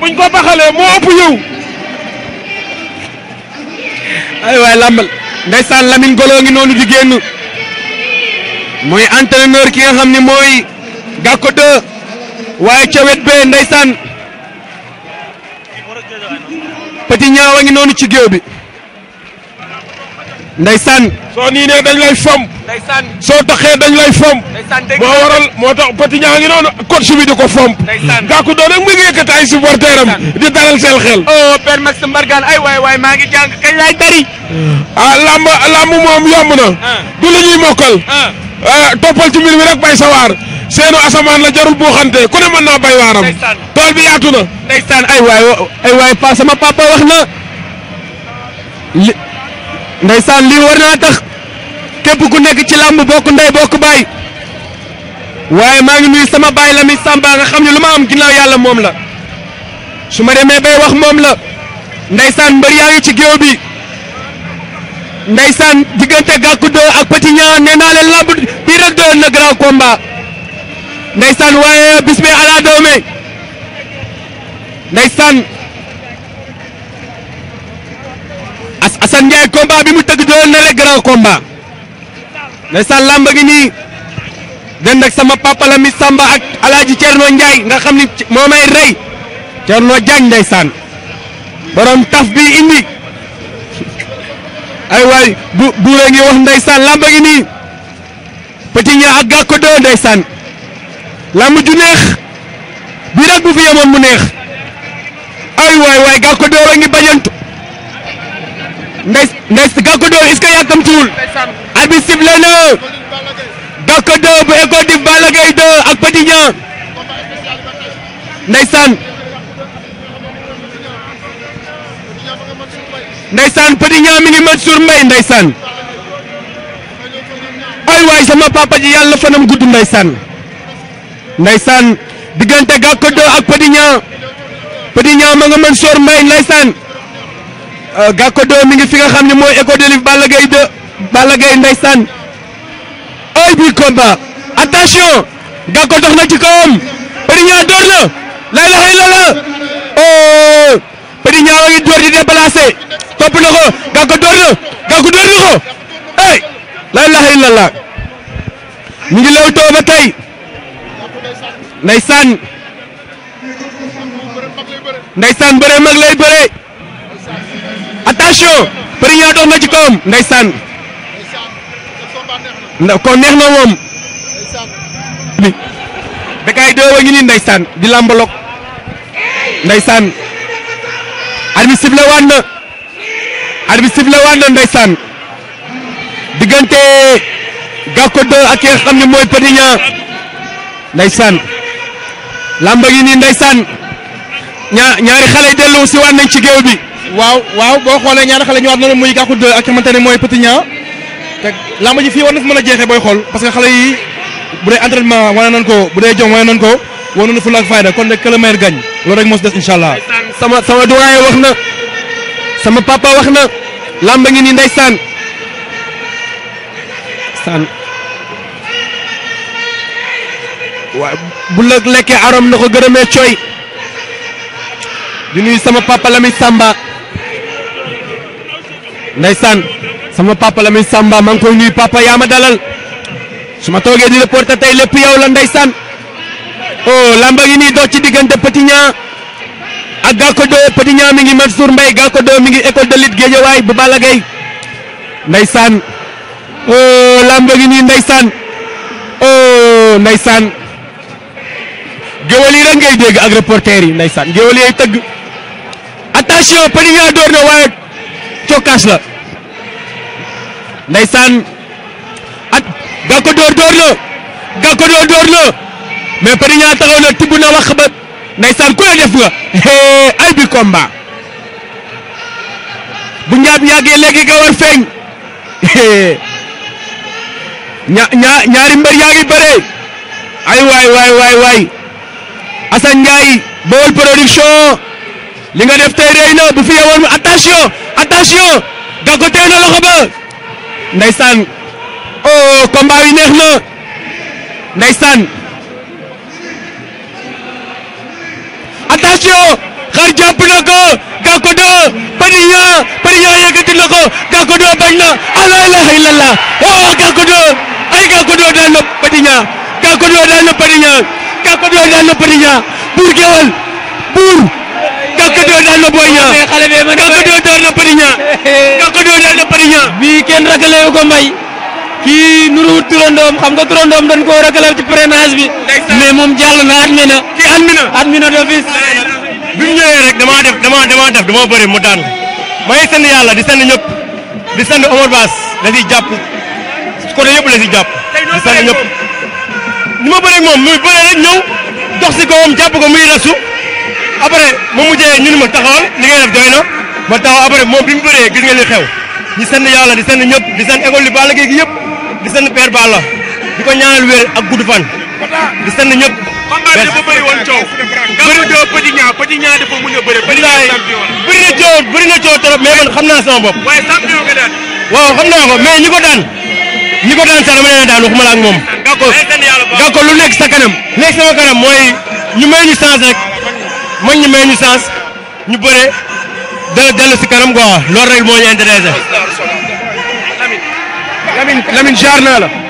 buñ ko baxalee moo ëpp yow. ay waay làmbal ndeysaan Lamine Golo ngi noonu di génn mooy entraîneur ki nga xam ne mooy Gackou 2 waaye ca wet bee ndeysaan Petit Niang ngi noonu ci géew bi. ndeysaan soo niinee dañ lay fom ndeysaan soo taxee dañ lay fom moo waral moo tax petit ñaa ngi noonu coach bi di ko fomp gàkku doon ak mu ngi yëkkati ay supporter di dalal seen xel oh père Max Mbargane ay waay waay maa ngi jàng kañ laay bari ah lamb lamb moom yomb na ah. du lu ñuy mokkal ah. Ah, toppal ci mbir mi rek bay sawaar seenu asamaan la jarul buuxante ku ne man naa bay waaram tool bi yaatu na ndeysaan ay waay ay waay pa sama papa wax na ndeysaan lii war naa tax képp ku nekk ci làmb bokk ndey bokk baay waaye maa ngi nuyu sama baay la mi samba nga xam ne lu ma am ginnaaw yàlla moom la su ma demee bay wax moom la ndeysaan mbër yaa ngi ci géew bi ndeysaan diggante gàkku doo ak petit ñaa nee naa leen làmb bii rek doyoon na grand combat ndeysaan waaye bis bi ala doome ndeysaan asan Ndiaye combat bi mu tëgg do na le grand combat sa lamb gi ni den nak sama papa la mi Samba ak alaaji Thierno Ndiaye nga xamni momay moo may rey Thierno Diagne ndeysaan borom taf bi indi ay way bu re ngi wax ndaysan lamb gi ni Petit Niang ak gako do ndaysan lamb ju neex bi rek bu fi yamon mu neex ay way ngi bajantu Ndeye Sika Kodo est-ce que yàkkamtiwul arbitre sifflé na Gaka 2 bu École Diff Balla Gaye 2 ak Petit Niang ndeysaan minimal Petit Niang mi ngi Mansour ay sama papa ji yàlla fanam gudd ndeysaan ndeysaan diggante Gaka 2 ak Petit Niang Petit Niang ma nga Euh, Gacko 2 mi ngi fi nga xam ne mooy école de l' Balla Gaye 2 Balla Gaye ndeysaan ay bi combat attention Gacko dox na ci kawam Petit Niang door na lay la xëy la la oh wa ngi door di déplacé topp na ko Gacko door na Gacko door na ko hey lay la xëy la la ñu ngi lew too ba tey ndeysaan mag lay bëre. attention premier dox na ci kawam ndeysaan ko neex na moom bekay do wa ngi ni ndeysaan di lambalok ndeysaan arbi sifflé wan na arbi sifflé wan na ndeysaan diggante gakko do ak nga xamni moy pedignan ndeysaan lamba ngi ni ndeysaan ñaari xalé delu ci wan nañ ci geew bi waaw waaw boo xoolee ñaari xale ñu war na muy gàkku deux ak xamante ne mooy petit ñaa te làmb ji fii war na fi mën a jeexee parce que xale yi bu dee entraînement wane nañ ko bu dee jom nañ ko fayda kon que le gagne rek allah. sama sama doyen wax na sama papa wax na làmb ngi ni ndeysaan saan waaw bu la lekkee arom na di nuyu sama papa Lamine Samba. ndeysaan sama papa Lamine Samba maa ngi koy nuyu papa yaa ma dalal su ma toogee di reporté tey lépp yow la ndeysaan oh lamba ngi nii dox ci diggante Petit Niang ak Gacko 2 Petit Niang mi ngi Mansour Mbaye Gacko 2 mi ngi école de lutte Guédiawaye bu Balla Gaye ndeysaan oh lamba ngi nii ndeysaan oh ndeysaan géwél yi rek ngay dégg ak reporter yi ndeysaan tëgg attention Petit Niang door na waaye cokkaas la ndeysaan at Gackou door door la Gackou door door la mais Pedignan taxaw na tibb na wax ba ndeysaan ku la def nga ay bi combat bu ñaab yàggee léegi nga war feeñ ña ña ñaari mbër ay waay waay waay waay Assane Ndiaye Baol production li nga def tey rëy na bu fi yewoon attention attention Gagou téye na loxo ba ndeysaan oh combat yi neex na ndeysaan attention xar jàpp na ko Gagou 2 Petit Petit yëkkati na ko Gagou 2 bañ na la ilaha illallah oh Gagou 2 ay Gagou 2 daan na Petit Gagou 2 daan na Petit Gagou 2 daan na Petit Bour Kakadoo daal na Boy Niang Kakadoo daal na Petit Niang Kakadoo daal na Petit Niang bii kenn rakalewu ko mbay kii nuruwut turandoom xam nga turandoom dañ koo rakalew ci prénage bi mais moom jàll na admi kii admi na admi bi mu rek damaa def dama def dama bëri mu daan may sant yàlla di sant ñëpp di sant Omar Baas la siy jàpp côté yëpp la siy jàpp di sant ñëpp ni ma bëree moom muy bëree rek ñëw dox si kawam jàpp ko muy rasu après mu mujjee ñu ni ma taxawal li ngay def doy na ma taxaw après moom bi mu bëree gis nga li xew ñu sant yàlla di sant ñëpp di sant école bi Balla Gaye gi yëpp di sant père Balla di ko ñaanal wér ak gudd fan di sant ñëpp. bëri a na coow bëri na man xam naa sama bopp. waaw xam naa ko mais ñi ko daan ñi ko daan sax daan waxuma la moom. gàkko gàkko lu nekk sa nekk sama kanam mooy ñu may ñu chance rek. mañ ñu may ñu sens ñu bëre dana dellu si kanam quoi loolu rek moo ñu intéressé. Lamine Lamine jaar naa la.